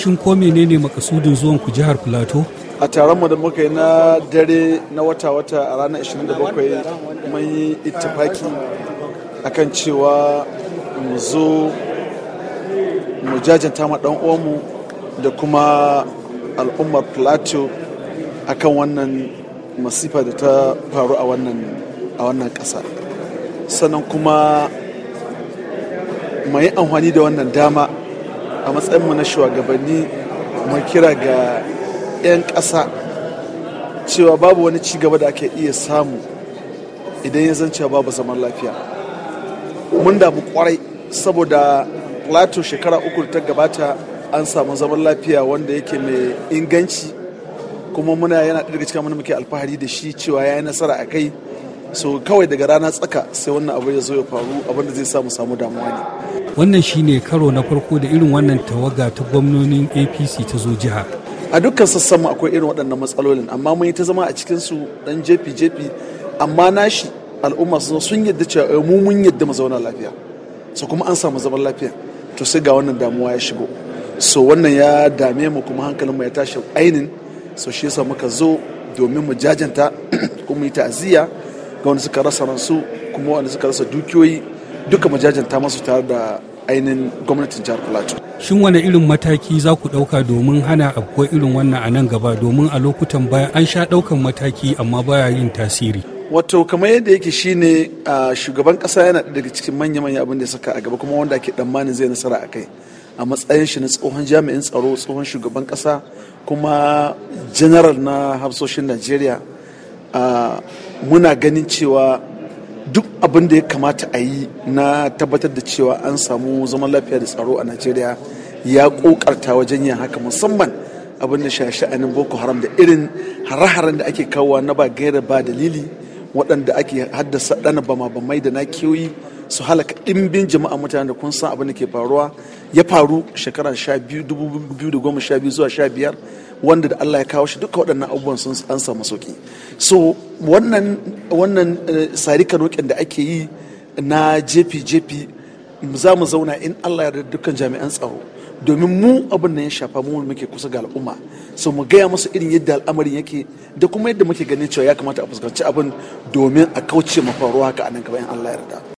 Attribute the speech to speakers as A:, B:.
A: Shin ko menene makasudin zuwan ku jihar Plateau?
B: a taronmu da muka yi na dare na wata-wata a ranar 27 mun yi ittifaki akan cewa mu zo mu jajanta ma dan uwanmu da kuma al'ummar plateau kan wannan masifa da ta faru a wannan a wannan ƙasa sannan kuma mai amfani da wannan dama a matsayin mu na shugabanni mu kira ga 'yan ƙasa cewa babu wani ci gaba da ake iya samu idan ya zance babu zaman lafiya mun damu kwarai saboda plato shekara uku ta gabata an samu zaman lafiya wanda yake mai inganci kuma muna yana daga cikin mana muke alfahari da shi cewa ya yi nasara a kai so kawai daga rana tsaka sai wannan abu ya zo ya faru abinda zai sa mu samu damuwa ne
A: wannan shine karo na farko da irin wannan tawaga ta gwamnonin apc ta zo jiha
B: a dukkan sassan akwai irin waɗannan matsalolin amma mun yi ta zama a cikin su dan jefi jefi amma nashi al'umma su sun yadda cewa eh, mu mun yadda mu zauna lafiya so kuma an samu zaman lafiya to sai ga wannan damuwa ya shigo so wannan ya dame mu kuma hankalin mu ya tashi ainin so shi yasa muka zo domin mu jajanta kuma yi ta'aziyya ga wanda suka rasa ransu kuma wanda suka rasa dukiyoyi duka majajanta masu tare da ainihin gwamnatin jihar plateau
A: shin wani irin mataki za ku ɗauka domin hana akwai irin wannan a nan gaba domin a lokutan baya an sha ɗaukan mataki amma baya yin tasiri
B: wato kamar yadda yake shine a shugaban kasa yana daga cikin manya-manya abin da ya saka a gaba kuma wanda ke tsammanin zai nasara a kai a matsayin shi na tsohon jami'in tsaro tsohon shugaban kasa kuma general na hafsoshin najeriya muna ganin cewa duk abin da ya kamata a yi na tabbatar da cewa an samu zaman lafiya da tsaro a najeriya ya kokarta wajen yin haka musamman abin da sha'anin boko haram da irin hare-haren da ake kawowa na ba gaira ba dalili waɗanda ake haddasa ɗana bama bamai da na kiyoyi su halaka ɗimbin jama'a mutane da kun san abin da ke faruwa ya faru shekara 2012 zuwa 15 wanda da Allah ya kawo shi duka waɗannan abubuwan sun an samu sauki so wannan wannan eh, sarika roƙin da ake yi na jefi-jefi za mu zauna in Allah ya dukkan jami'an tsaro domin mu abin da ya shafa mu muke kusa ga al'umma so mu gaya musu irin yadda al'amarin yake da kuma yadda muke ganin cewa ya kamata a fuskanci abin domin a kauce ma faruwa haka a nan gaba in Allah yarda